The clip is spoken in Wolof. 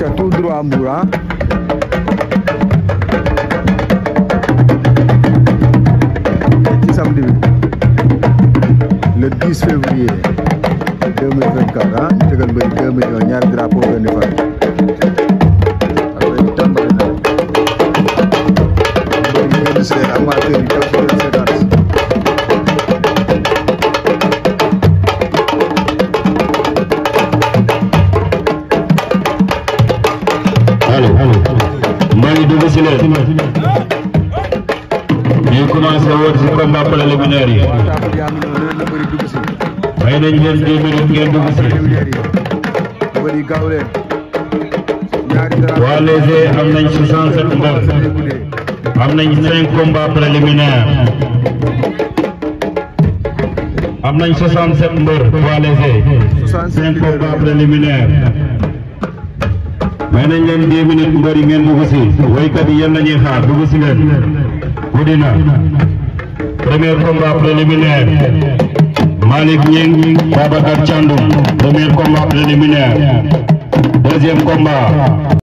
ca tout droit Mbour ci samedi bi le 10 février 2024 ah tegal mbëri 2 millions ñaari drapeau benn halo mbay dugg si leen ñu commencé woon si combat préliminaire yi may nañ leen deux minutes ngeen dugg si waa léegi am nañ 67 mbër am nañ cinq combats préliminaires am nañ 67 mbër waa léegi cinq combats préliminaires may nañ leen 10 minutes mbër ngeen dugg si waykat yi yéen la ñuy xaar dugg si leen Gudina premier combat préliminaire Malick Ning Babacar Thiandoum premier combat préliminaire deuxième